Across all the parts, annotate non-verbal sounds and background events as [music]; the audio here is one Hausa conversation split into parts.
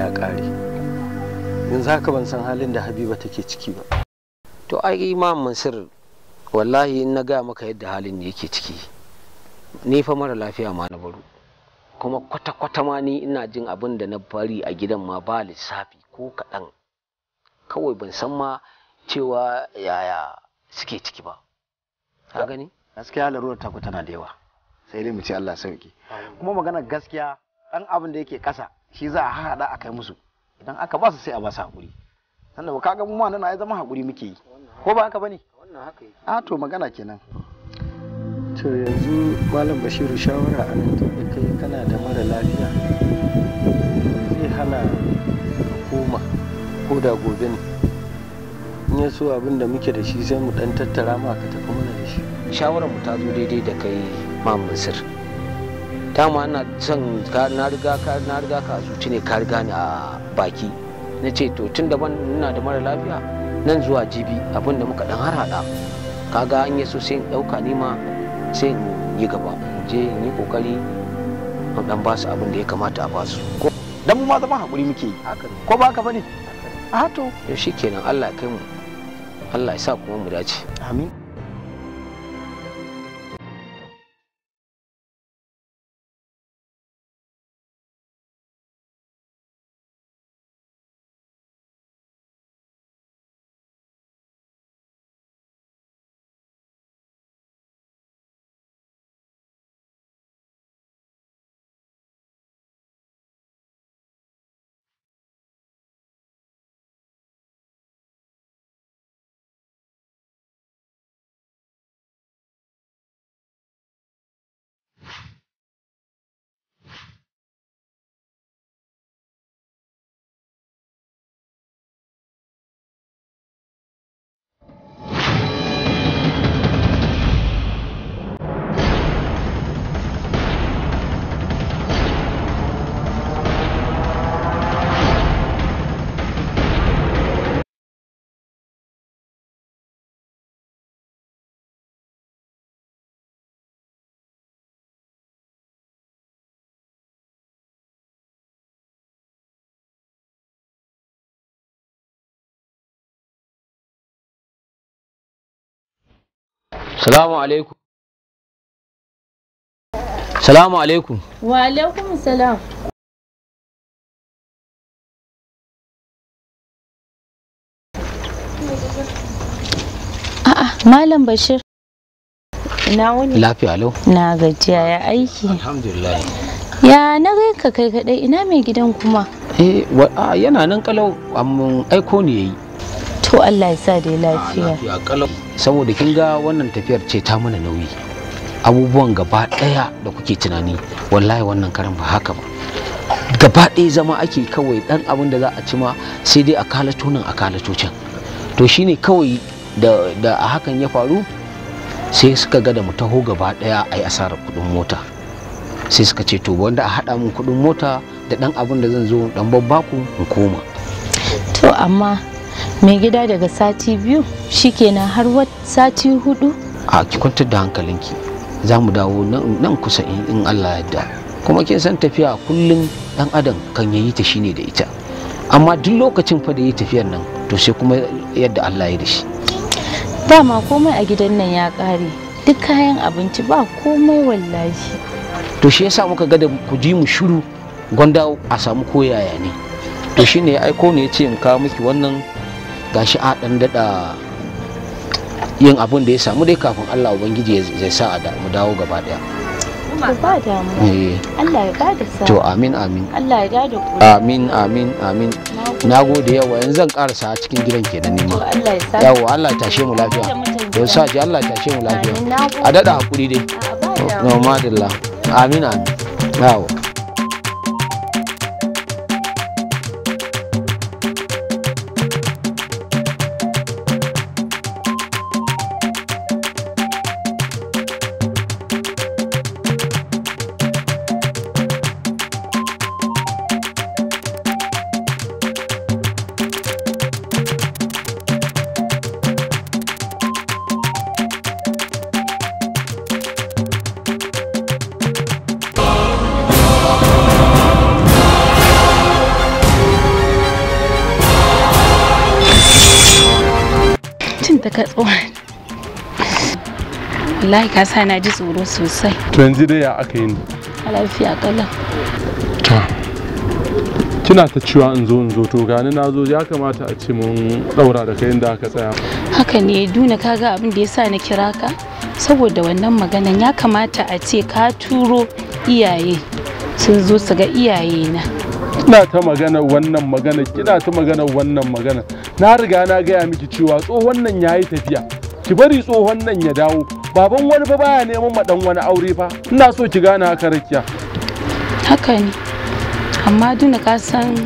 ya ƙare yanzu haka ban san halin da habiba take ciki ba to ai imam mansur wallahi in na gaya maka yadda halin da yake ciki ni fa mara lafiya ma na baro kuma kwata-kwata ma ni ina jin abin da na bari a gidan ma ba lissafi ko kaɗan kawai ban san ma cewa yaya suke ciki ba ka gani gaskiya larurar taku tana da yawa sai dai ce Allah sauki kuma magana gaskiya ɗan abin da yake ƙasa shi za a haɗa a kai musu idan aka ba su sai a ba su haƙuri sannan ba kaga mu ma nan ai zama haƙuri muke yi ko ba haka bane a ah, to magana kenan to yanzu malam bashiru shawara a nan tun kai kana da mara lafiya zai hana koma ko da gobe ne in ya so abin da muke da shi sai mu ɗan tattara ma ka tafi mana da shi shawarar mu ta zo daidai da kai mam Sir. dama ana son na riga ka na riga ka zuci ne ka riga ni a baki na ce to tun daban nuna da mara lafiya nan zuwa jibi abin da muka dan harhaɗa kaga an yi so sai in ɗauka ni ma sai in yi gaba je in yi kokari in dan basu abin da ya kamata a basu dan mu ma zama hakuri muke yi ko ba ka bane a to yaushe kenan Allah ya kai mu Allah ya sa kuma mu dace amin salamu alaikum salamu alaikum wa alaikum salam Malam Bashir. Ina wani Lafiya lau. Na gajiya ya aiki. Alhamdulillah. Ya na gai ka kai kadai ina mai gidan kuma? Eh yana nan kalau amma aiko ne yayi. To Allah ya sa dai lafiya. Lafiya kalau. saboda kin ga wannan tafiyar ce ta mana nauyi abubuwan gaba ɗaya da kuke tunani wallahi wannan karan ba haka ba gaba ɗaya zama ake kawai ɗan abin da za a ci ma sai dai a kalato nan a kalato can to shine kawai da a hakan ya faru sai suka ga da mu taho gaba ɗaya a yi asarar kuɗin mota sai suka ce to wanda a haɗa min kuɗin mota da ɗan abin da zan zo ɗan babbaku in koma to amma mai gida daga sati biyu shi shikenan har sati hudu a ki kwantar da hankalinki za mu dawo nan kusa in allah yadda kuma kin san tafiya kullum dan adam kan yayi ta shine da ita amma duk lokacin fa da yi tafiyar nan to sai kuma yadda allah ya da shi dama komai a gidan nan ya kare duk kayan abinci ba komai wallahi to shi yasa muka ga da ku ji mu shiru gwanda a samu koyaya ne to shine ya aiko ne ya ce in kawo miki wannan gashi a dan dada yin abun da ya samu dai kafin Allah ubangiji zai sa mu dawo gaba daya ba eh. Allah ya bada sa to amin amin Allah ya dada ku amin amin amin nagode yawa yanzu zan karasa cikin gidan kenan ne ma Allah ya tashe mu lafiya don sa ji Allah ya tashe mu lafiya a dada hakuri dai no madalla amin amin yawa wallahi ka sa na ji tsoro sosai to yanzu dai ya aka yi ne lafiya kala to kina ta cewa in zo in zo to gani na zo ya kamata a ce mun daura da kai inda aka tsaya haka ne duna kaga abin da yasa na kira ka saboda wannan maganan ya kamata a ce ka turo iyaye sun zo su ga iyaye na kina ta magana wannan magana kina ta magana wannan magana na riga na gaya miki cewa tsohon nan yayi tafiya ki bari tsohon nan ya dawo baban wani ba baya neman ma dan wani aure fa ina so ki gane haka rakiya haka ne amma duna ka san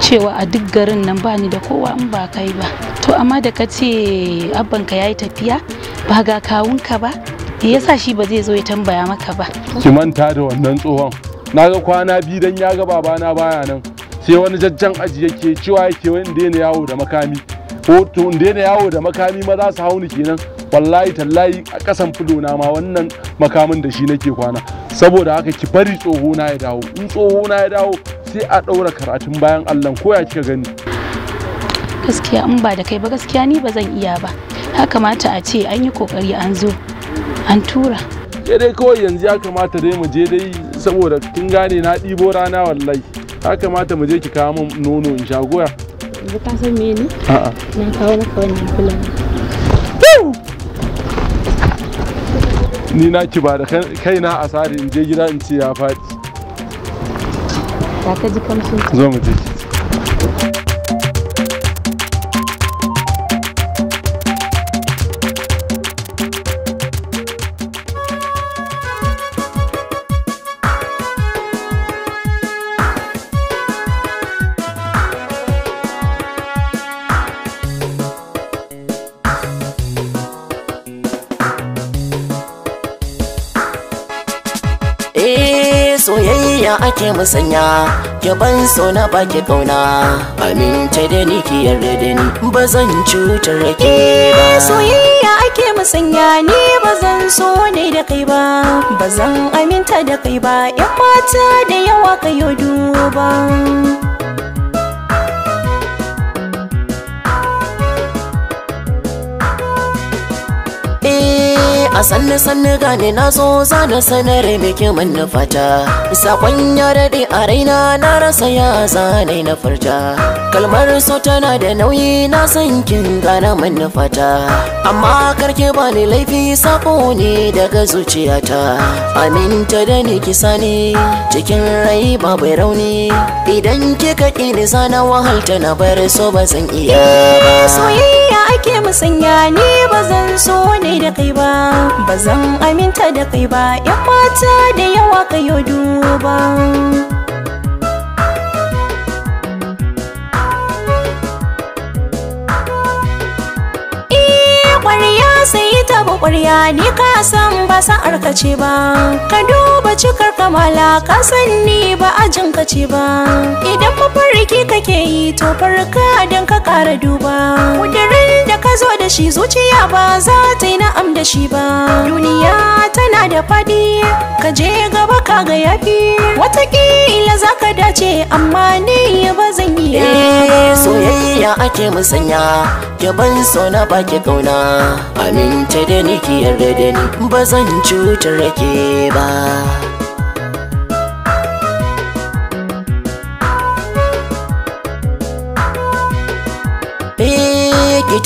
cewa a duk garin nan ba ni da kowa in ba kai ba to amma da ka ce abbanka yayi tafiya ba ga kawunka ba yasa shi ba zai zo ya tambaya maka ba ki manta da wannan tsohon na ga kwana biyu dan ya ga babana baya nan sai wani jajjan aji yake cewa yake wani daina yawo da makami ko to daina yawo da makami ma za su hauni kenan wallahi tallahi a kasan fudo na ma wannan makamin da shi nake kwana saboda haka ki bari tsoho na ya dawo in tsoho na ya dawo sai a ɗaura karatun bayan allon ko ya kika gani gaskiya in ba da kai ba gaskiya ni ba zan iya ba ya kamata a ce an yi kokari an zo an tura ya dai kawai yanzu ya kamata dai mu je dai saboda kin gane na ɗibo rana wallahi ya kamata mu je ki kawo min nono in sha goya yanzu ka san me ne a'a na kawo maka wannan kula ni na ki ba da kaina asari in je gida in ce ya faɗi. Ba ka ji kamshin. Zo mu je. ke musanya ban so na baki kauna aminta da ni ki yarda da ni ba zan cutar ke ba soyayya ake musanya ni ba zan so ne da kai ba ba zan aminta da kai ba yan mata da yawa ka yo duba eh a sanne sanne gane na zo na sanar miki manufata sakon ya daɗe a raina na rasa ya zane na farja. kalmar so tana da nauyi na san kin gane fata. amma karke ba ni laifi sako ne daga zuciyata aminta da ni kisa ne cikin rai bai rauni idan kika ƙi ni zana wahalta na bar so ba zan iya ba soyayya ake musanya ni ba zan so ne da kai ba ba zan aminta da kai ba yan mata da yawa kayo duba eh, ƙwarya sai tabu ƙwarya ni ka san ba sa'ar ka ce ba ka duba cikar kamala ka san ni ba ajin ka ce ba idan mafarki kake yi to farka don ka kara duba kudirin da ka zo da shi zuciya ba za ta yi na'am da shi ba duniya tana da faɗi ka je gaba ka ga yafi watakila za ka dace amma ni ba zan yi eh, soyayya ake musanya yaban so na baki kauna aminta yarda da ni yarda da ni ba zan cutar rake ba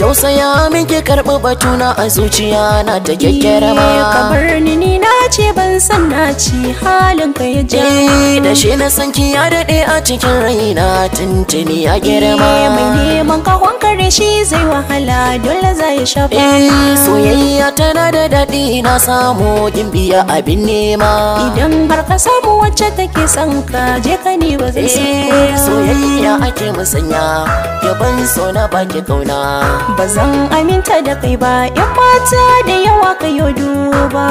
tausaya min ki karɓi batuna a zuciya na ta kyakkyar ma kamar ni ni na ce ban san na ci halin ka ya ja eh, da shi na san ki ya daɗe a cikin raina tuntuni ya girma eh, mai neman ka kare shi zai wahala dole za ya shafa eh, soyayya tana da dadi, na samu kin biya abin nema idan har ka samu wacce take son ka je ka ne ba zai soyayya ake musanya ban so na baki kauna ba zan aminta da kai ba yan mata da yawa kayo duba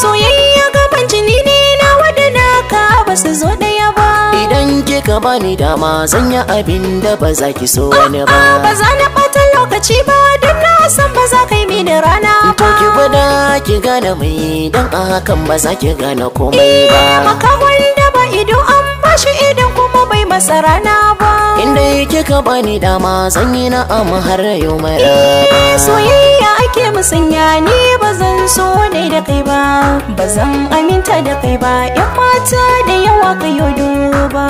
soyayya gaban jini ne na wadana ka ba su zo ɗaya ba idan ke ka bani dama zan yi abin da ba za ki so ni ba ba za na ɓata lokaci ba don san ba za ka yi mini rana ba to ki gwada ki gane mai dan a hakan ba za ki gane komai eh, ba eh makawar da ba ido an bashi idan kuma bai masa rana ba inda kika bani dama zan yi na na'am har yau mai rana eh, eh, soyayya ake musanya ni ba zan so ne da kai ba ba zan aminta da kai ba yan mata da yawa ka yi duba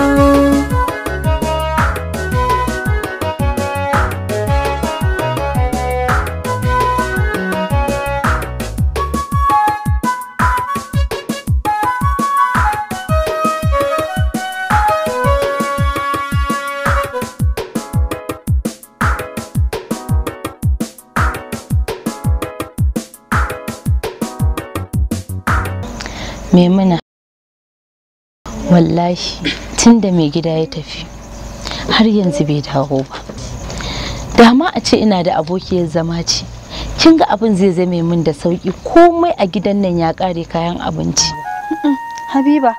maimuna wallahi tun mai gida ya tafi har yanzu bai dawo ba dama a ce ina da abokiyar zama ce kin ga abin zai zame min da sauki komai a gidan nan ya kare kayan abinci habiba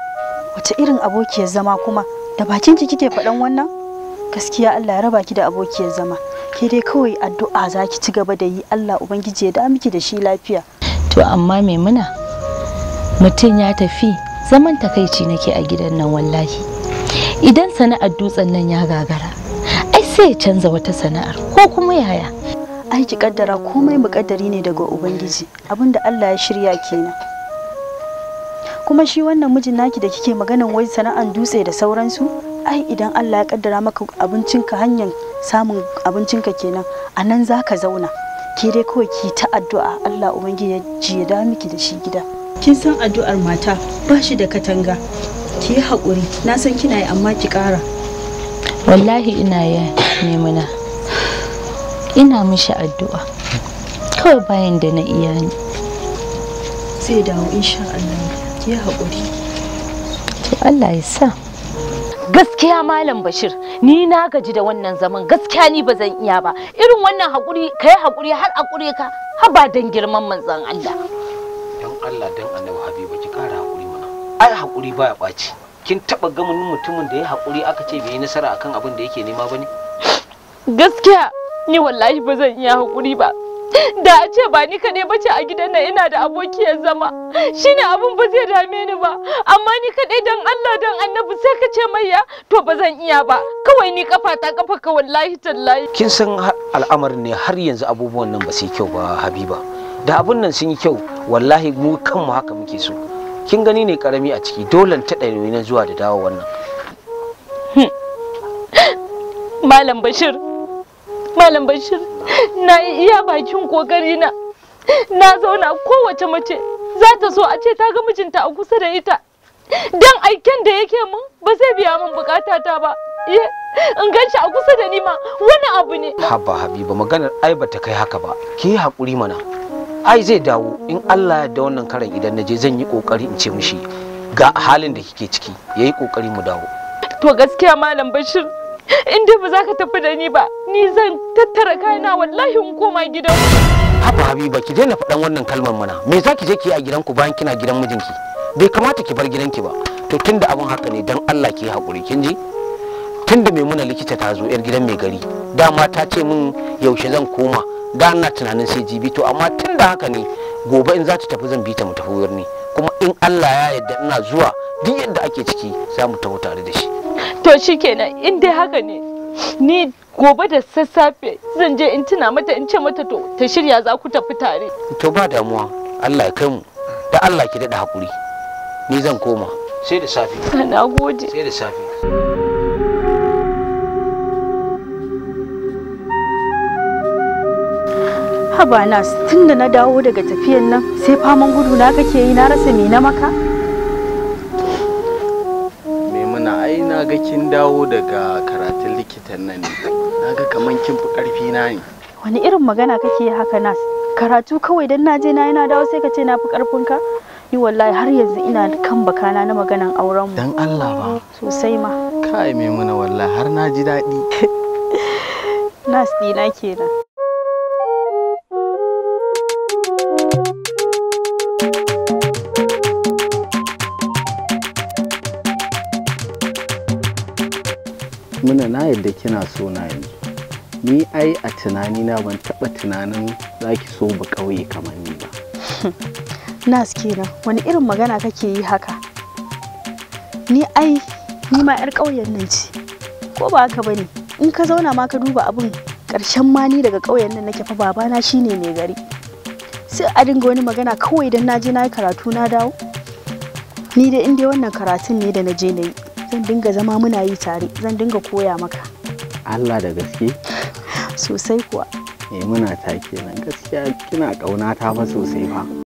wace irin abokiyar zama kuma da bakin ki kike faɗan wannan gaskiya Allah ya raba ki da abokiyar zama ke dai kawai addu'a zaki ci gaba da yi Allah ubangiji ya da miki da shi lafiya to amma maimuna mutum ya tafi zaman takaici nake a gidan nan wallahi idan sana'ar dutsen nan ya gagara ai sai ya canza wata sana'ar ko kuma yaya ai ki kaddara komai muƙaddari ne daga ubangiji abinda Allah ya shirya kenan kuma shi wannan mijin naki da kike maganan wai sana'ar dutse da sauransu ai idan Allah ya kaddara maka abincinka hanyar samun abincinka kenan a nan za ka zauna ki dai kawai ki ta addu'a Allah ubangiji ya ji da miki da shi gida kin san addu'ar mata ba shi da katanga ki yi haƙuri na san kina yi amma ki ƙara wallahi ina yi maimuna ina mishi addu'a kawai bayan da na iya ni zai dawo insha Allah ki yi haƙuri to Allah ya sa gaskiya malam bashir ni na gaji da wannan zaman gaskiya ni ba zan iya ba irin wannan haƙuri ka yi haƙuri har a ƙure ka ba don girman manzon Allah Allah dan annabi Habiba ki kara hakuri mana ai hakuri baya ɓaci kin taba gamin mutumin da ya hakuri aka ce bai yi nasara akan abin da yake nema bane gaskiya ni wallahi ba zan iya hakuri ba da a ce ba ni kaɗai bace a gidan nan ina da abokiyar zama shine abun ba zai dame ni ba amma ni kaɗai dan Allah dan annabi sai ka ce ya to ba zan iya ba kawai ni kafa ta kafa ka wallahi tallahi kin san al'amarin ne har yanzu abubuwan nan ba yi kyau ba habiba da abun nan sun yi kyau wallahi mu kanmu haka muke so kin gani ne karami a ciki dole ta ɗari na zuwa da dawo wannan [laughs] malam bashir malam bashir na iya bakin kokari na na zauna kowace mace za ta so a ce ta ga mijinta a kusa da ita dan aiken da yake mun ba zai biya min bukata ta ba in gan shi a kusa da ni ma wani abu ne haba habiba maganar ai ba ta kai haka ba ki yi haƙuri mana ai zai dawo in Allah ya da wannan karan idan na je zan yi kokari in ce mishi ga halin da kike ciki yayi kokari mu dawo to gaskiya malam Bashir in dai ba za ka tafi da ni ba ni zan tattara kaina wallahi in koma gidan haba habiba ki daina faɗan wannan kalmar mana me za ki je ki yi a gidan ku bayan kina gidan mijinki bai kamata ki bar gidan ki ba to tunda abin haka ne dan Allah ki hakuri kin ji tunda mai muna likita ta zo yar gidan mai gari dama ta ce min yaushe zan koma da na tunanin sai jibi to amma tun da haka ne gobe in za ta tafi zan bi ta mu tafi ne, kuma in Allah ya yarda ina zuwa duk yadda ake ciki za mu tafi tare da shi to shikenan in dai haka ne ni gobe da sassafe zan je in tuna mata in ce mata to ta shirya za ku tafi tare to ba damuwa Allah ya kai mu da Allah ki daɗa hakuri ni zan koma sai da safi na gode sai da safe haba nas tun da na dawo daga tafiyan nan sai faman gudu na kake yi na rasa me na maka maimuna ai na ga kin dawo daga karatun likitan nan ne na ga kaman kin fi karfi na ne wani irin magana kake yi haka nas karatu kawai dan naje na yana dawo sai ka ce na fi karfin ka ni wallahi har yanzu ina kan bakana na maganan auren mu dan Allah ba sosai ma kai maimuna wallahi har na ji daɗi [laughs] nas dina kenan muna na yadda kina so na yanzu ni ai a tunani na ban taba tunanin za ki so ba kauye kamar ni ba [laughs] nas kenan wani irin magana kake yi haka ni ai ni ma yar ƙauyen nan ce ko ba haka bane in ka zauna ma ka duba abin ƙarshen mani daga ƙauyen nan nake fa babana shine mai gari sai a dinga wani magana kawai don na je na yi karatu na dawo ni da inda dai wannan karatun ne da na je na yi zan dinga zama muna yi tare zan dinga koya maka Allah da gaske sosai kuwa eh muna ta nan gaskiya kina kauna ta fa sosai fa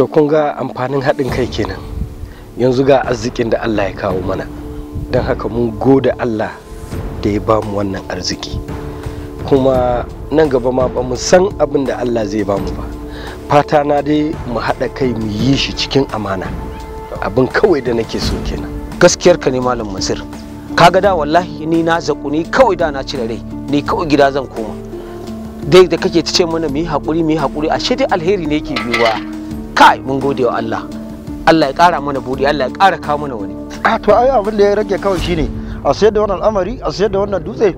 to kun ga amfanin haɗin kai kenan yanzu ga arzikin da allah ya kawo mana don haka mun goda allah da ya bamu wannan arziki kuma nan gaba ma ba mu san abin da allah zai ba mu ba fata na dai mu haɗa kai mu yi shi cikin amana abin kawai da nake so kenan gaskiyar ka ne malam masir kaga da wallahi ni na zaku ni kawai da na cire rai ni kawai gida zan koma dai da kake ta ce mana mu yi haƙuri mu yi haƙuri ashe dai alheri ne ke biyuwa kai mun gode wa Allah Allah ya ƙara mana buri Allah ya ƙara kawo mana wani a ah, to ai abin da ya rage kawai shine a sayar da wannan al'amari a sayar da wannan dutse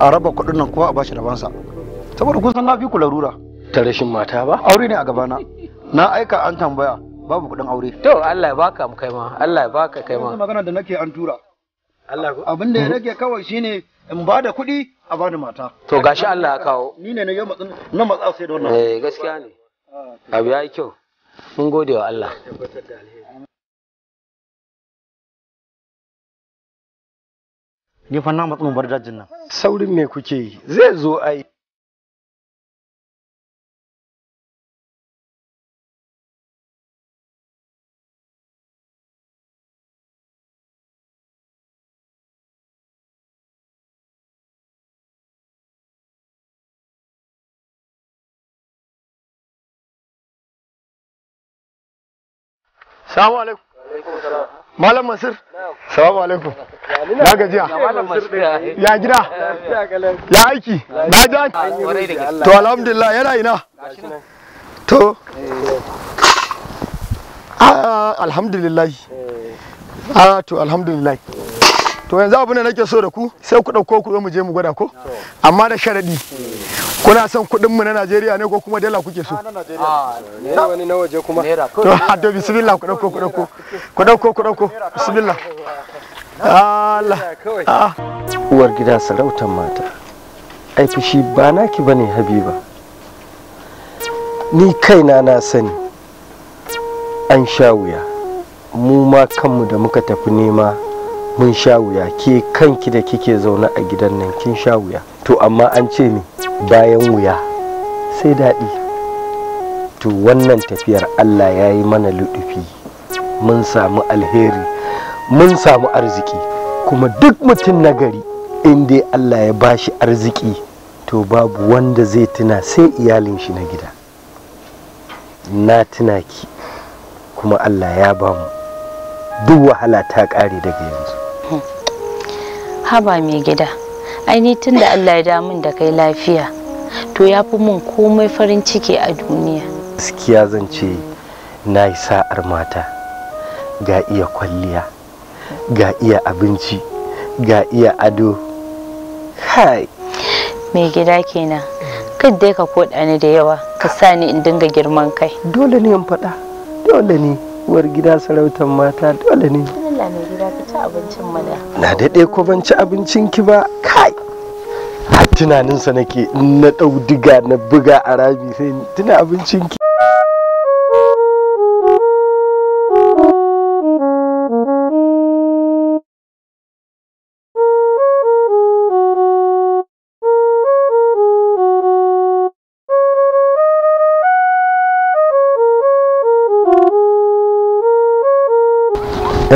a raba kuɗin nan kowa a bashi rabansa saboda kun san na fi ku larura ta rashin mata ba aure ne a gabana na aika an tambaya babu kuɗin aure to Allah ya baka mu kai ma Allah ya baka kai ma magana da nake an tura Allah abin da ya mhm. rage kawai shine in ba da kuɗi a ba da mata. To gashi Allah ya kawo. Ni ne na na matsa sai da wannan. Eh gaskiya ne. Ah, Abu ya yi kyau. mun gode wa Allah ni fa na matsu bar dajin nan saurin me kuke yi zai zo ai Salamu alaikum. Malam Masir, Salamu alaikum. Na gajiya. Ya gida. Ya aiki. Na ji To alhamdulillah yana ina. To. Ah, alhamdulillah. Ah to alhamdulillah. To yanzu abin da nake so da ku sai ku ɗauko ku zo mu je mu gwada ko? Amma da sharaɗi. kuna son kuɗin mu na Najeriya ne ko kuma dala kuke so ah, na Najeriya ah, wani na waje kuma to haddo bismillah ku dauko ku dauko ku dauko ku dauko bismillah Allah ah. uwar gida sarautar mata ai fushi ba naki bane Habiba ni kaina na sani an sha wuya mu ma kanmu da muka tafi nema mun sha wuya ke kanki da kike zauna a gidan nan kin sha wuya to amma an ce ni bayan wuya sai daɗi to wannan tafiyar allah ya yi mana luɗufi mun samu alheri mun samu arziki kuma duk mutum nagari dai allah ya bashi arziki to babu wanda zai tuna sai iyalin shi na gida na tuna ki kuma allah ya bamu duk wahala ta ƙare daga yanzu Hmm. haba mai gida aini tun da allah ya damun da kai lafiya to ya fi mun komai farin ciki a duniya gaskiya zan ce na yi sa'ar mata ga iya kwalliya ga iya abinci ga iya ado hai mai gida kenan kai dai ka koda ni da yawa ka sa ni in dinga girman kai dole ne in faɗa dole ne uwar gida sarautar mata dole ne Na daɗe ko ban ci abincin ki ba kai. Tunaninsa nake na ɗau diga na buga a rami sai tuna abincin ki.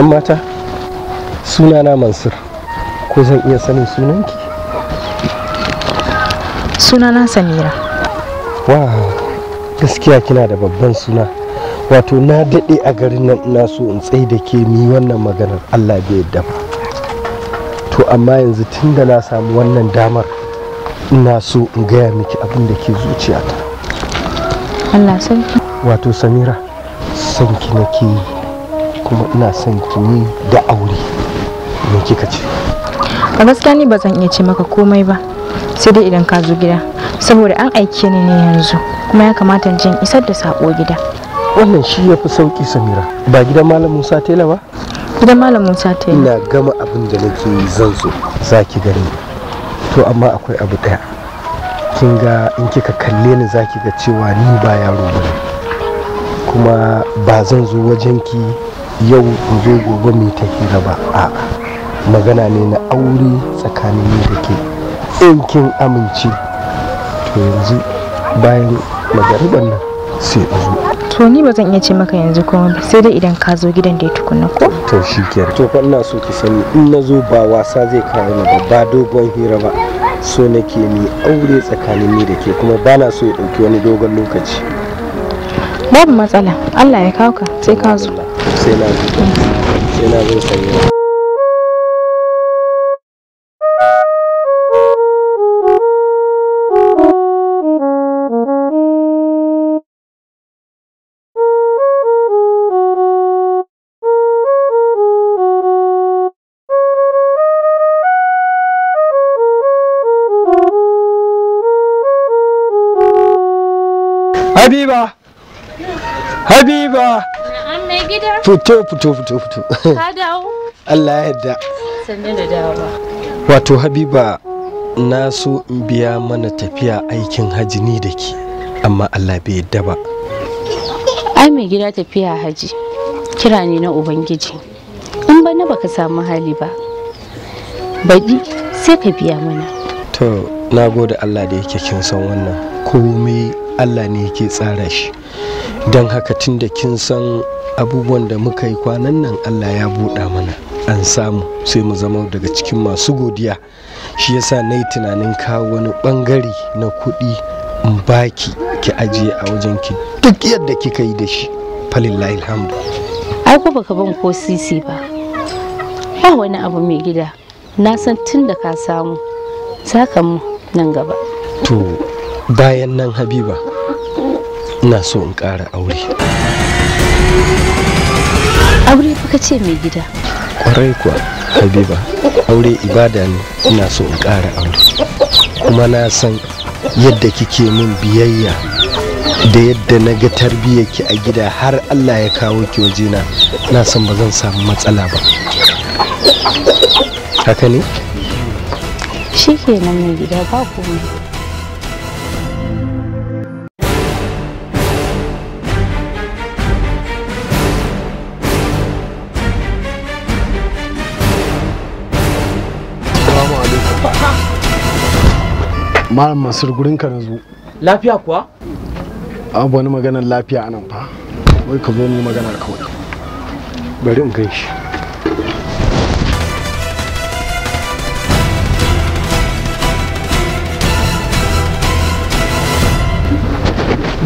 'yan mata suna na mansur ko zan iya sanin sunanki Suna na samira wa gaskiya kina da babban suna wato na daɗe a garin nan ina so in tsaye da ke ni wannan maganar allah bai yadda ba to amma yanzu tun da na samu wannan damar ina so in gaya miki abin da ke zuciyata allah sarki wato samira sanki nake yi kuma ina son ki ne da aure me kika ce a gaskiya ni ba zan iya ce maka komai ba sai dai idan ka zo gida saboda an aike ni ne yanzu kuma ya kamata jin isar da sako gida wannan shi ya fi sauki samira ba gidan malam musa tela ba gidan malam musa tela ina gama abin da nake yi zan so za ki gani to amma akwai abu daya kin ga in kika kalle ni za ki ga cewa ni ba yaro ba kuma ba zan zo wajen ki. yau in zo gobe mai ta hira ba a magana ne na aure tsakanin ni da ke amince to yanzu bayan magariban nan sai a zo to ni ba zan iya ce maka yanzu kuma sai dai idan ka zo gidan da ya tukuna ko to shi kenan to fa ina so ki sani in na zo ba wasa zai kawo na babba dogon hira ba so nake ni aure tsakanin ni da ke kuma bana so ya dauki wani dogon lokaci babu matsala Allah ya kawo ka sai ka zo sai na sai na zo sanya Habiba! Habiba! Fito fito fito fito. Allah ya yarda. Wato Habiba na so in biya mana tafiya aikin haji ni da ke amma Allah bai yarda ba. Ai mai gida tafiya haji kira ne na Ubangiji. In ba na baka samu hali ba. Baɗi sai ka biya mana. To na Allah da yake kin san wannan komai allah ne yake tsara shi don haka tun da kin san abubuwan da muka yi kwanan nan allah ya buɗa mana an samu sai mu zama daga cikin masu godiya shi yasa na yi tunanin kawo wani ɓangare na kuɗi in baki ki ajiye a wajen ki duk yadda kika yi da shi falillahi alhamdu ai ko baka ban ko sisi ba ba wani abu mai gida na san tun da ka samu za ka mu nan gaba to bayan nan habiba ina so in ƙara aure aure fa ce mai gida kwarai kuwa habiba aure ibada ne ina so in ƙara aure kuma na san yadda kike min biyayya da yadda na ga tarbiyyarki a gida har allah ya kawo ki wajena na san ba zan samu matsala ba haka ne shi mai gida ba komai malam masur gurin ka na zo lafiya kuwa abu wani maganar lafiya anan fa wai ka zo ni magana kawai bari in gan shi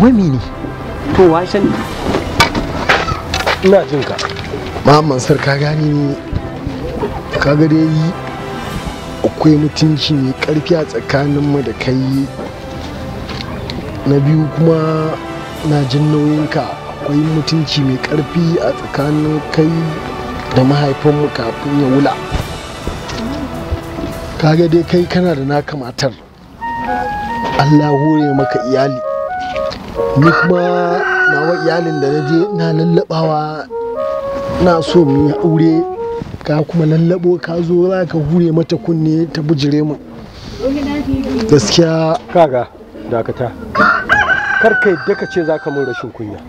wai ne to wa sani ina jin ka mahamman sar ka gani ni ka ga yi akwai mutunci ne ƙarfi a tsakaninmu da kai na biyu kuma na jin nauyinka akwai mutunci mai ƙarfi a tsakanin kai da mahaifinmu kafin ya wula kaga dai kai kana da naka matar allah hore maka iyali ni kuma nawa iyalin da na je na lallabawa na so mu yi aure ka kuma lallabo ka zo za ka hure mata kunne ta bujire mu gaskiya kaga dakata kar ka daka ce za ka mun rashin kunya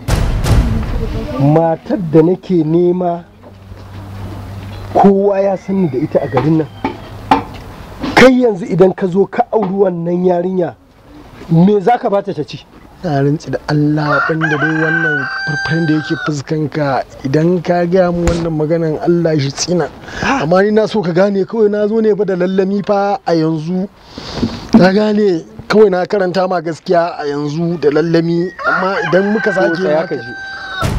matar da nake nema kowa ya sani da ita a garin nan kai yanzu idan ka zo ka auri wannan yarinya me za ka bata ta ci na rantsi da Allah da dai wannan farfarin da yake fuskanka idan ka gaya mu wannan maganan Allah shi tsina ah! amma ni na so ka gane kawai na zo ne ba da lallami fa a yanzu ta gane kawai na karanta ma gaskiya a yanzu da lallami amma idan muka sake ya ka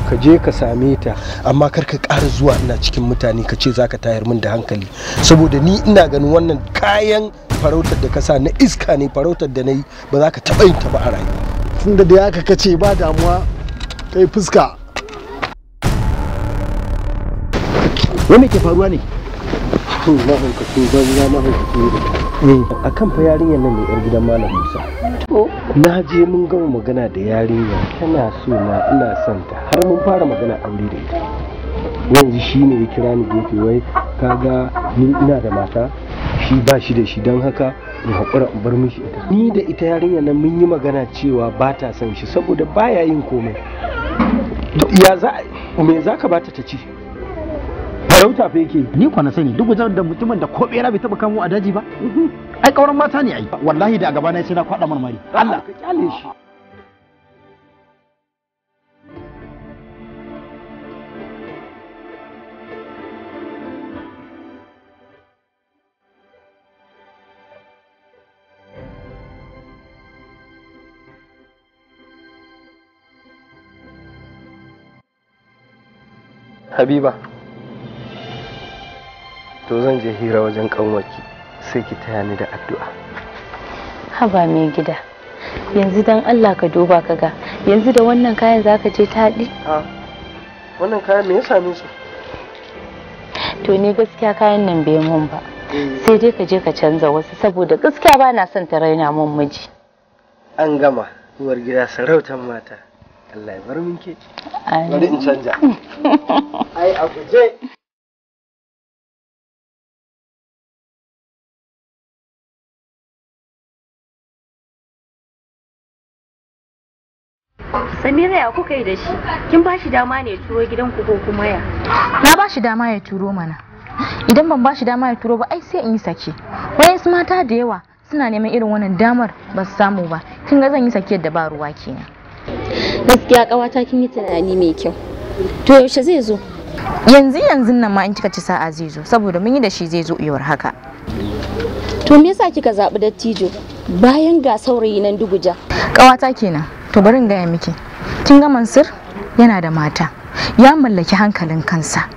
ka je ka same ta amma kar ka ƙara zuwa ina cikin mutane ka ce zaka tayar min da hankali saboda ni ina ganin wannan kayan farautar da ka sa na iska ne farautar da na yi ba za ka taɓa yin ta ba a rayu. tunda da ya ka ce ba damuwa kai fuska wani ke faruwa ne mahaukacin eh. kan fa yarinyar nan ne yar gidan malam musa na je mun gama magana da yarinya tana so na ina son ta har mun fara magana aure da ita yanzu shi ne ya kira ni gefe wai kaga ni ina da mata shi ba shi da shi don haka in haƙura in bar mishi ita ni da ita yarinya nan mun yi magana cewa ba ta son shi saboda baya yin komai me za ka bata ta ci farauta fa yake ni kwa na sani duk wajen da mutumin da ko bera bai taba kamo a daji ba mhm. ai kauran mata ne ai wallahi da a gaba na sai na kwada marmari Allah ka kyale shi Habiba, to zan je hira wajen kanwaki sai ki taya ni da addu'a haba mai gida yanzu dan Allah ka duba ka ga yanzu da wannan kayan zaka je taɗi wannan kayan me ya same su to ni gaskiya kayan nan bai mun ba eh. sai dai ka je ka canza wasu saboda gaskiya ba na son ta raina mun miji an gama uwar gida sarautar mata Allah ya bar minke bari in canja ai a guje samira ya kuka yi da shi kin ba shi dama ne ya turo ku ko kuma ya na ba shi dama ya turo mana idan ban ba shi dama ya turo ba ai sai in yi sake wayansu mata da yawa suna neman irin wannan damar ba su samu ba kin ga zan yi sakiyar da ba ruwa kenan gaskiya kawata kin yi tunani mai kyau to yaushe zai zo yanzu yanzu nan ma in kika ci sa'a zai zo saboda mun yi da shi zai zo iwar haka to me yasa kika zaɓi dattijo bayan ga saurayi nan duguja kawata kenan to bari in gaya miki kin ga mansur yana da mata ya mallaki hankalin kansa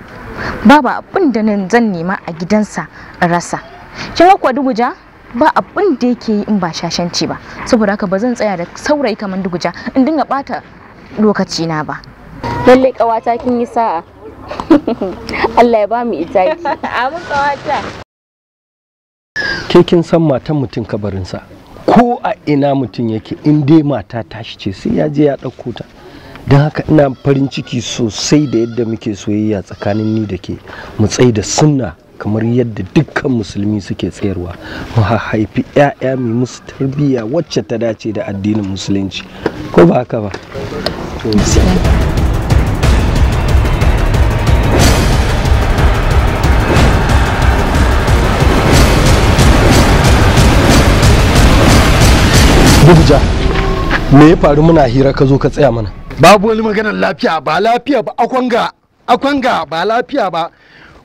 babu abin da nan zan nema a gidansa rasa kin ga kwaduguja ba abin da yake yi in ba shashanci ba saboda haka ba zan tsaya da saurayi kamar duguja in dinga bata lokaci na ba lalle kawata kin yi sa'a [laughs] Allah ya ba mu ita [laughs] amin kawata ke kin san matan mutum kabarinsa ko a ina mutum yake in dai mata tashi ce sai ya je ya ɗauko ta don haka ina farin ciki sosai da yadda muke soyayya tsakanin ni da ke mu tsai da sunna kamar yadda dukkan musulmi suke tsayarwa mu haifi 'ya'ya mai musu tarbiyya wacce ta dace da addinin musulunci ko ba haka ba Abuja me ya faru muna hira ka zo ka tsaya mana? Babu wani maganar lafiya ba lafiya ba akwanga, akwanga ba lafiya ba.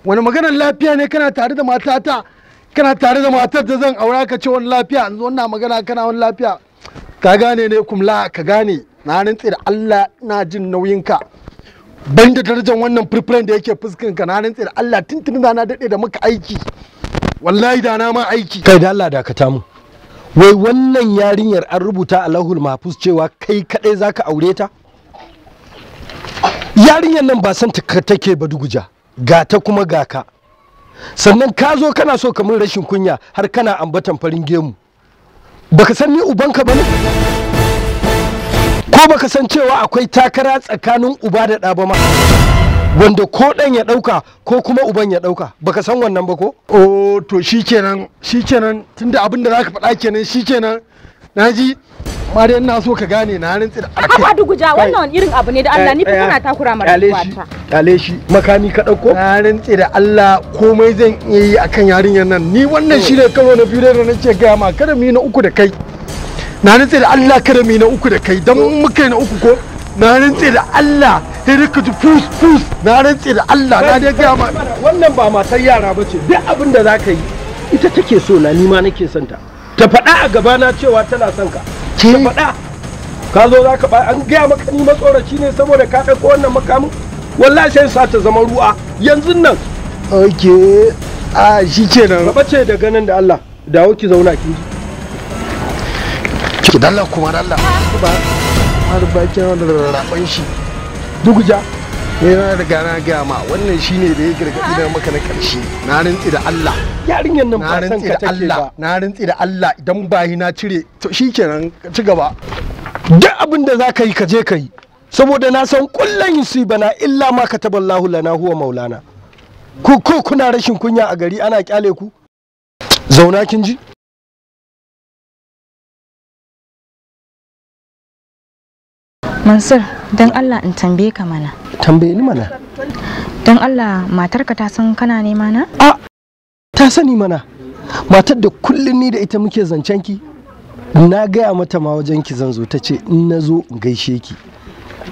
Wani maganar lafiya ne kana tare da matata, kana tare da matar da zan aura ka ce wani lafiya, yanzu wannan magana kana wani lafiya. Ka gane ne kumla, ka gane, na rantsi da Allah na jin nauyin ka. Ban da darajar wannan firfiren da yake ka na rantsi da Allah tuntuni na daɗe da muka aiki. Wallahi da na ma aiki. Kai da Allah dakata mu. wai wannan yarinyar an rubuta a lahul mafus cewa kai kadai zaka aure ta yarinyar nan ba san ta take ba duguja ga ta kuma ga ka sannan ka zo kana so kamar rashin kunya har kana ambatan farin gemu Ba ka san ni ubanka ba ne ko ba ka san cewa akwai takara tsakanin uba da ɗa ba ma wanda ko ɗan ya ɗauka ko kuma uban ya ɗauka baka san wannan ba ko o to shikenan shikenan tunda abin da zaka faɗa kenan shikenan naji mariyan na ina so ka gane na rantsi da aka ba guja wannan irin abu ne da Allah ni fa eh, eh, kana takura ma kwata kale shi makami ka dauko na rantsi da Allah komai zan iya yi akan yarinyar nan ni wannan shi ne kawai na biyu da nace ga ma karami na uku da kai na rantsi da Allah karami na uku da kai dan muka na uku ko na rantse da Allah sai rika ji fus fus na rantse da Allah na dai ga ma wannan ba matar yara bace duk abin da zaka yi ita take so na nima nake son ta ta faɗa a gaba na cewa tana son ka ta faɗa ka zo zaka ba an gaya maka ni matsoraci ne saboda ka ɗauko wannan makamin wallahi sai sa ta zama ru'a yanzu nan oke a shi kenan raba bace da ganin da Allah dawo ki zauna kin ji ki dalla kuma dalla ba har bakin rarraban shi ja. ne eh, na riga na gaya ma wannan shine da ya gargaɗi da maka na ƙarshe na rintsi da Allah yarinyar nan ba san ka take ba na rintsi da Allah idan bayi na cire to shikenan ci gaba duk abin da za ka yi ka je ka yi saboda na san kullun bana illa ma kataballahu lana huwa maulana ku ko kuna rashin kunya a gari ana kyale ku zauna kin ji mansur don allah in tambaye ka mana tambaye ni mana don allah matarka ta san kana nema na a ta sani mana matar da kullum ni da ita muke zancen ki na gaya mata ma wajen ki zanzo ta ce in na zo in gaishe ki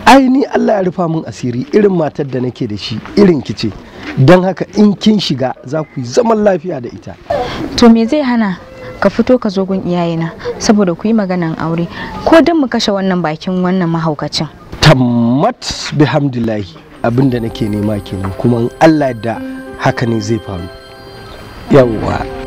ai ni Allah ya rufa min asiri irin matar da nake da shi irin ki ce don haka in kin shiga za ku yi zaman lafiya da ita to me zai hana ka fito ka zo gun iyayena saboda ku yi maganan aure ko don mu kashe wannan bakin wannan mahaukacin tammat bihamdillahi abinda nake nema kenan kuma Allah da haka ne zai faru yawwa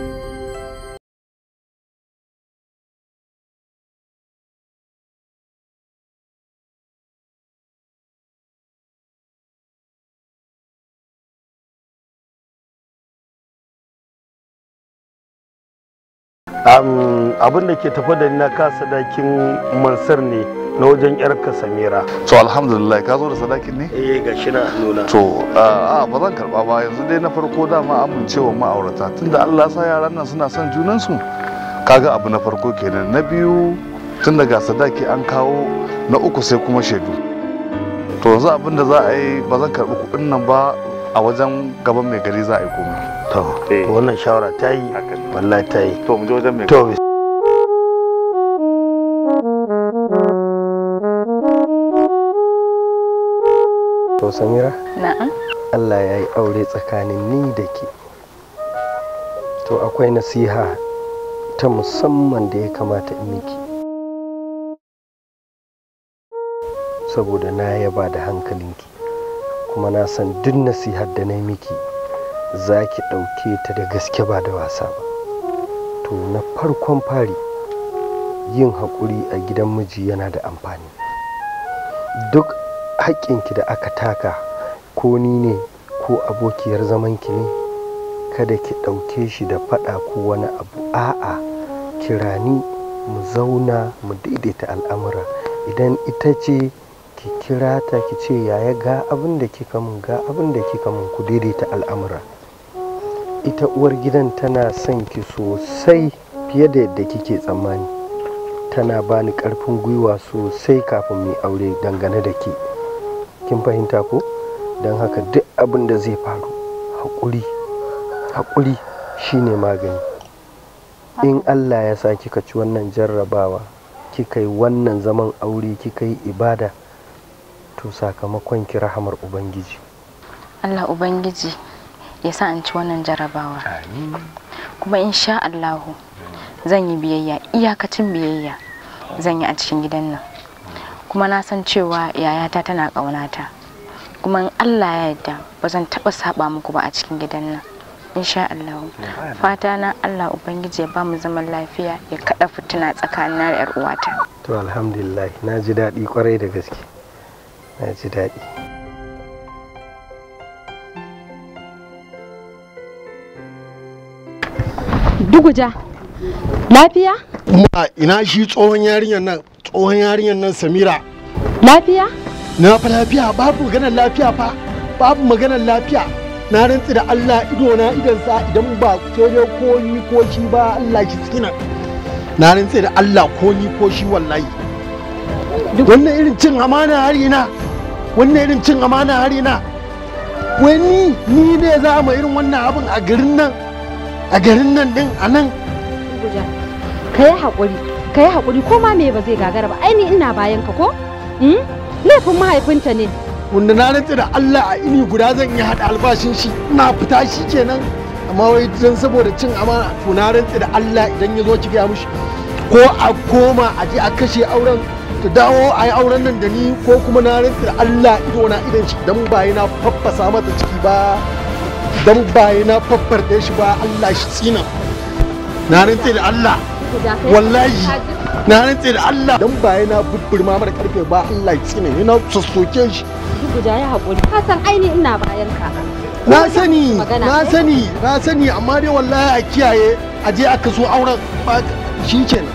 abin da ke tafa da ni na ka sadakin mansar ne na wajen yarka samira to alhamdulillah ka zo da sadakin ne eh ga shi na nuna to a ba zan karba ba yanzu dai na farko dama amincewa ma'aurata tunda Allah sa yaran nan suna son junan su kaga abu na farko kenan na biyu tun daga sadaki an kawo na uku sai kuma shaidu to yanzu abin da za a yi ba zan karbi kuɗin nan ba a wajen gaban mai gari za a yi komai Eh. to wannan shawara ta yi wallahi ta yi to mu wajen To Samira? Na'am. Allah ya yi aure tsakanin ni da ke. To akwai nasiha ta musamman da ya kamata in miki. Saboda na yaba da hankalinki, kuma na san duk nasihar da na miki za ki ɗauke ta da gaske ba da wasa ba to na farkon fari yin haƙuri a gidan miji yana da amfani duk haƙƙinki da aka taka ko ni ne ko abokiyar zamanki ne kada ki ɗauke shi da faɗa ko wani abu a'a kirani mu zauna mu daidaita al'amura idan ita ce ki kira ta ki ce yaya ga abin da kika mun ga abin da kika mun ku daidaita al'amura ita uwar gidan tana son ki sosai fiye da yadda kike tsammani tana bani ƙarfin gwiwa sosai kafin mai aure dangane da ke kin fahimta ko don haka duk abin da zai faru haƙuri haƙuri shine magani in allah ya sa kika ci wannan jarrabawa kika yi wannan zaman aure kika yi ibada to sakamakon ki rahamar ubangiji allah ubangiji ya sa an ci wannan jarabawa kuma insha Allahu zan yi biyayya iyakacin biyayya zan yi a cikin gidan nan kuma na san cewa yayata tana ƙaunata kuma in Allah ya yarda ba zan taɓa saba muku ba a cikin gidan nan insha Allah fata na Allah ubangiji ya mu zaman lafiya ya kaɗa fituna tsakanin da yar uwata to alhamdulillah na ji daɗi kwarai da gaske na ji daɗi Gurguja, lafiya? Ma ina shi tsohon yarinyar nan, tsohon yarinyar nan Samira. Lafiya? Na fa lafiya, babu maganar lafiya fa, babu maganar lafiya. Na rantsi da Allah ido na idan sa idan ba ko ne ko ni ko shi ba Allah shi tsina. Na rantsi da Allah ko ni ko shi wallahi. Wannan irin cin amana har ina. Wannan irin cin amana har ina. wani ni ni ne za mu irin wannan abin a garin nan. a garin nan din a nan ka yi haƙuri ko ma me ba zai gagara ba aini ina bayan ka ko hmm? laifin mahaifinta ne wanda na rantse da Allah a ini guda zan yi hada albashin shi na fita shi kenan amma wai don saboda cin amana to na rantse da Allah idan ya zo ki gaya mushi ko a koma a je a kashe auren ta dawo a yi auren nan da ni ko kuma na rantse da Allah ido na idan shi dan ba yana faffasa mata ciki ba dan baya na faffarde shi ba Allah shi tsina na rinta da Allah wallahi na rinta da Allah dan baya na bubburma mara karfe ba Allah shi tsina ni na sassoke shi guda ya ka san aini ina na sani na sani na sani amma dai wallahi a kiyaye a je aka so auren shikenan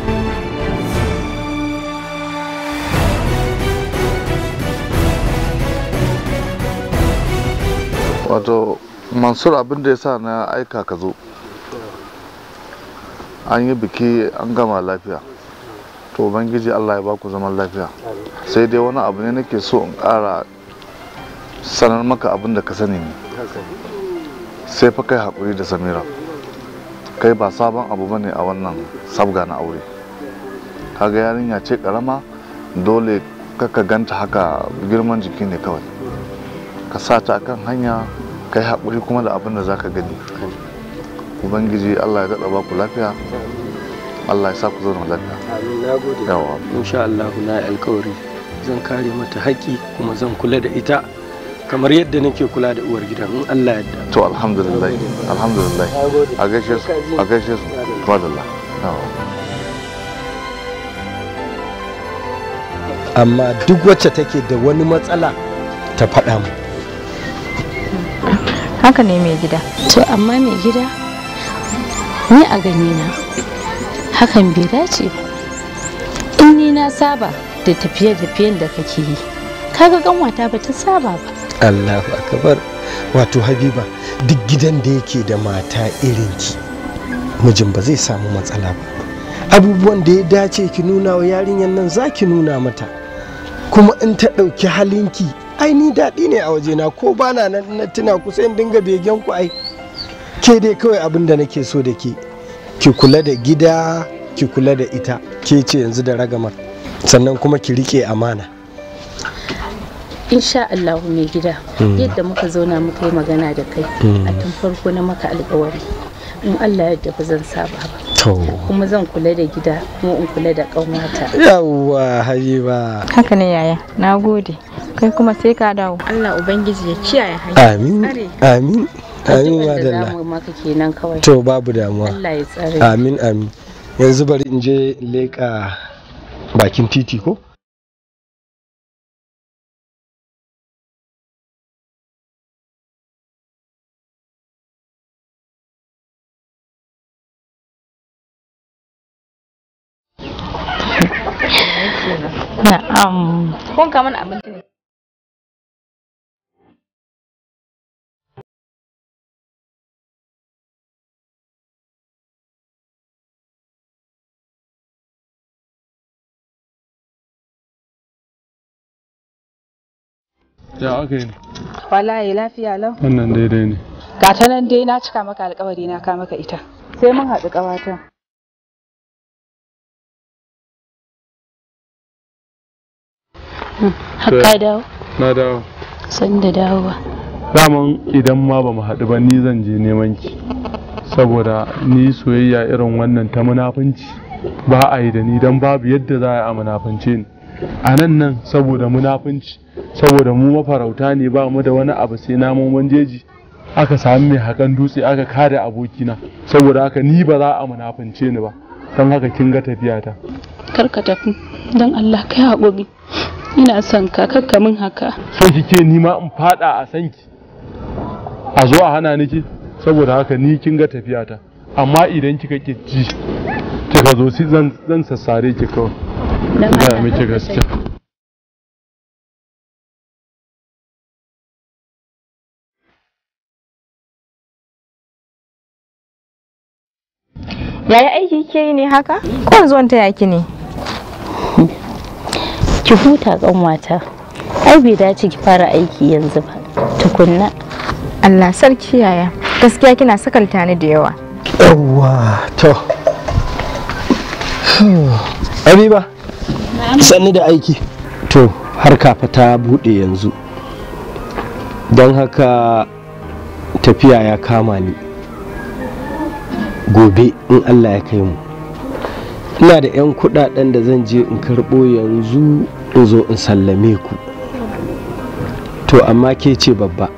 wato mansur abin da ya sa na aika ka zo an yi biki an gama lafiya to ubangiji allah ya baku zaman lafiya sai dai wani abu ne nake so in ƙara sanar maka abin da ka sani ne sai fa kai haƙuri da samira kai ba sabon abu bane a wannan sabga na aure kaga yarinya ce karama dole kaka ganta haka girman jiki ne kawai ka sa ta kan hanya kai haƙuri kuma da abin da za ka gani ubangiji allah ya daɗa ba ku lafiya allah ya sa ku zauna lafiya amin na gode yawa insha allahu na yi alkawari zan kare mata haƙƙi kuma zan kula da ita kamar yadda nake kula da uwar gida in allah ya to alhamdulillah alhamdulillah a gaishe su a gaishe su madalla amma duk wacce take da wani matsala ta faɗa mu haka ne mai gida to amma mai gida ni a gani na hakan bai dace ba in ni na saba da tafiye-tafiyen da kake yi kaga kanwata ba ta saba ba Allahu akbar wato habiba duk gidan da yake da mata irinki mijin ba zai samu matsala ba abubuwan da ya dace ki nuna wa yarinyar nan za ki nuna mata kuma in ta ɗauki halinki ai ni daɗi ne a wajena ko ba na na tuna ku sai in dinga begen ku ai ke dai kawai abin da nake so da ke ki kula da gida ki kula da ita ke ce yanzu da ragamar sannan kuma ki rike amana insha Allah mai gida hmm. yadda muka zauna muka yi magana da kai hmm. a tun farko na maka alkawari in Allah yadda ba zan saba ba kuma zan kula da gida kuma in kula da ƙaunata. yawwa habiba haka ne yaya na gode kai kuma sai ka dawo Allah ubangiji ya kiyaye hanya amin amin amin ya dalla to babu damuwa Allah ya tsare amin amin yanzu bari in je leka bakin titi ko Na'am. Kun ka mana abinci ne? ya aka yi wallahi lafiya lau wannan daidai ne ga ta nan dai na cika maka alkawari na ka maka ita sai mun haɗu ƙawata hmm, Hakka dawo? Na dawo. San da dawowa. Daman idan ma ba mu haɗu ba ni zan je neman ki. Saboda ni soyayya irin wannan ta munafunci ba a yi da ni don babu yadda za a yi a munafunce ni. A nan nan saboda munafunci saboda mu mafarauta ne ba mu da wani abu sai namun wanjeji aka sami mai hakan dutse aka kare abokina saboda haka ni ba za a munafince ni ba don haka kin ga tafiya ta kar ka tafi don Allah kai haƙuri ina son ka kakka min haka so kike ni ma in fada a sanki a zo a hana niki saboda haka ni kin ga tafiya ta amma idan kika kici kika zo si zan sassare ki kawai miki gaskiya yaya aiki ke yi ne haka ko zuwan ta yaki ne ki huta kanwata ai bai dace ki fara aiki yanzu ba tukunna Allah sarki yaya gaskiya kina sakalta ni da yawa yawa to Habiba sanni da aiki to har kafa ta bude yanzu don haka tafiya ya kama ni gobe in allah ya kai mu ina da 'yan kudaden da zan je in karbo yanzu in zo in sallame ku to amma ke ce babba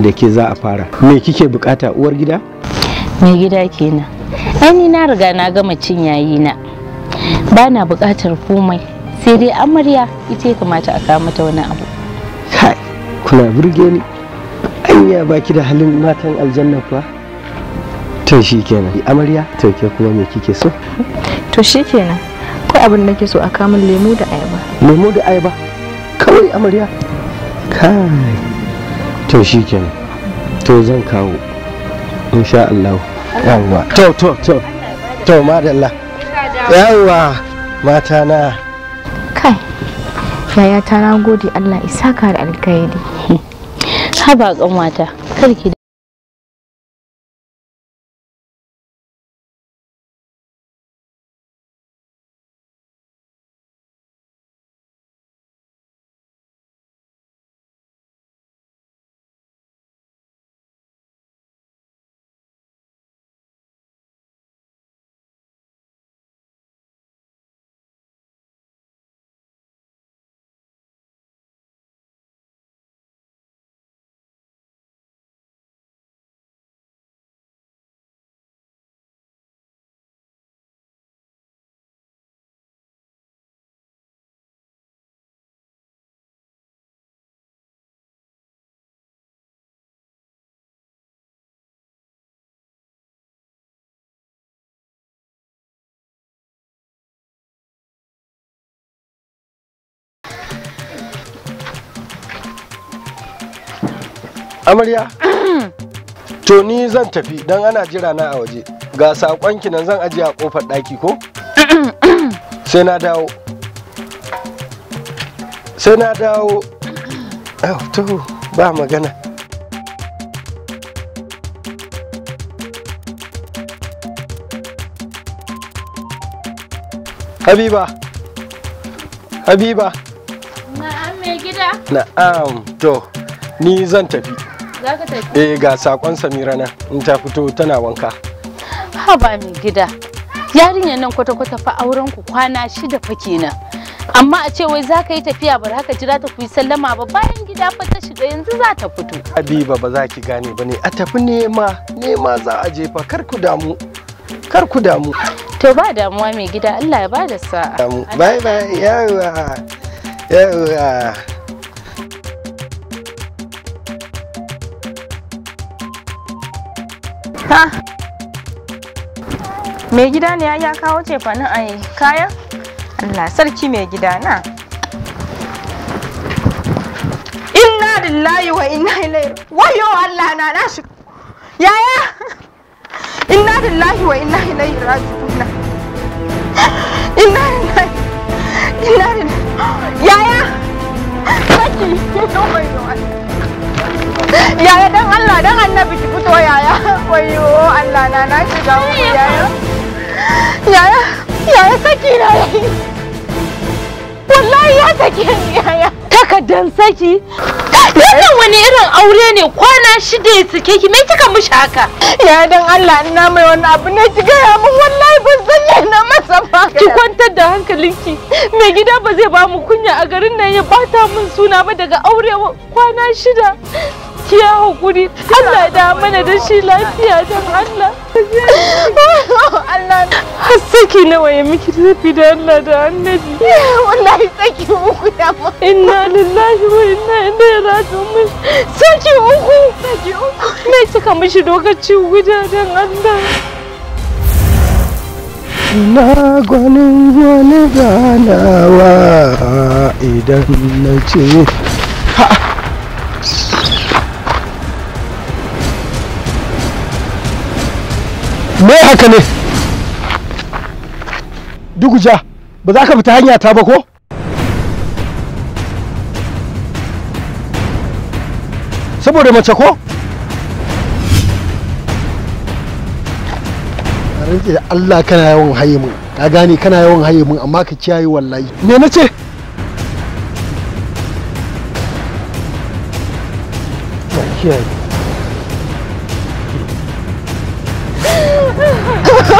da ke za a fara me kike bukata uwar gida mai gida kenan ni na riga na gama cin yayi na ba na bukatar komai sai dai amarya ita ya kamata a kama mata wani abu kai kuna burge ni anya baki da halin matan aljanna kuwa to shi kenan amarya to ke kuma me kike so to shi kenan kai abin da kike so a kamun lemu da ayaba lemu da ayaba kawai amarya kai to shi kenan to zan kawo insha Allah yawwa to to to to madalla yawa mata na kai yaya ta na gode Allah isa ka da alkhairi haba kan mata kar ki amarya [coughs] to ni zan tafi don ana jira na a waje ga sakonki nan zan ajiye a ƙofar ɗaki ko [coughs] sai na dawo sai na dawo [coughs] to ba magana Habiba. Habiba. Na'am mai gida. Na'am to ni zan tafi. E, Eh ga sakon Samira na in ta fito tana wanka. ba mai gida. Yarinyar nan kwata-kwata fa auren ku kwana shida fa kenan. amma a ce wai za ka yi tafiya ba haka jira ta kuyi sallama ba bayan gida fa ta shiga yanzu za ta fito. Habiba ba za ki gane ba ne a tafi nema nema za a jefa kar ku damu kar ku damu. To ba damuwa mai gida Allah ya bada sa'a. Bye bye yawa yawa. ha mai gida ne ya kawo cefanin a kayan allah sarki mai gida na inna lillahi wa inna ilai wayo allah na na shi yaya inna lillahi wa inna ilaihi raji'un inna lillahi inna lillahi yaya Sarki saki wayo allah [laughs] yaya dan Allah dan annabi ki fito yaya wayo Allah na na shiga uku yaya yaya yaya saki na yayi wallahi ya saki ni yaya takaddan saki wannan wani irin aure ne kwana shida ya sake ki me kika mishi haka ya dan Allah in na mai wani abu ne ki gaya mun wallahi ban san na masa ba ki kwantar da hankalinki mai gida ba zai ba mu kunya a garin nan ya bata mun suna ba daga aure kwana shida kiya hukuri hakuri Allah da mana da shi lafiya don Allah Allah har saki nawa ya miki tafi da Allah da annabi wallahi saki uku da ma inna lillahi wa inna ilaihi raji'un saki uku saki uku me kika mishi lokaci guda don Allah Na gwanin wani ganawa idan na ce me haka ne duguja ba za ka fita hanya ta ba ko saboda mace ko rantse da Allah kana yawan haye mun ka gane kana yawan haye mun amma ka kiyaye wallahi me nace Yeah.